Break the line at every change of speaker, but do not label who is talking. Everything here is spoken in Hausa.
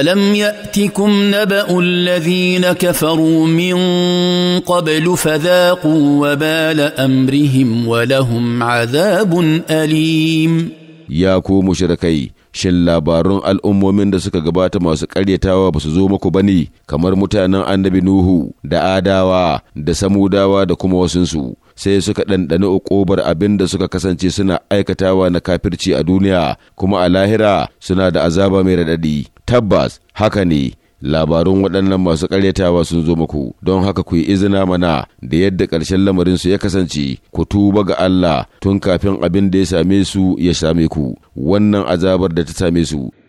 الم ياتكم نبا الذين كفروا من قبل فذاقوا وبال امرهم ولهم عذاب اليم
ya ku kai, shin labarun al'ummomin da suka gabata masu karyatawa ba su zo muku ne? kamar mutanen annabi Nuhu da Adawa da Samudawa da kuma wasunsu sai suka ɗanɗani uƙobar abin da suka kasance suna aikatawa na kafirci a duniya kuma a lahira suna da azaba mai raɗaɗi tabbas haka ne labarun waɗannan masu ƙaryatawa sun zo muku don haka ku yi izina mana da yadda ƙarshen lamarinsu ya kasance ku tuba ga Allah tun kafin abin da ya same su ya same ku wannan azabar da ta same su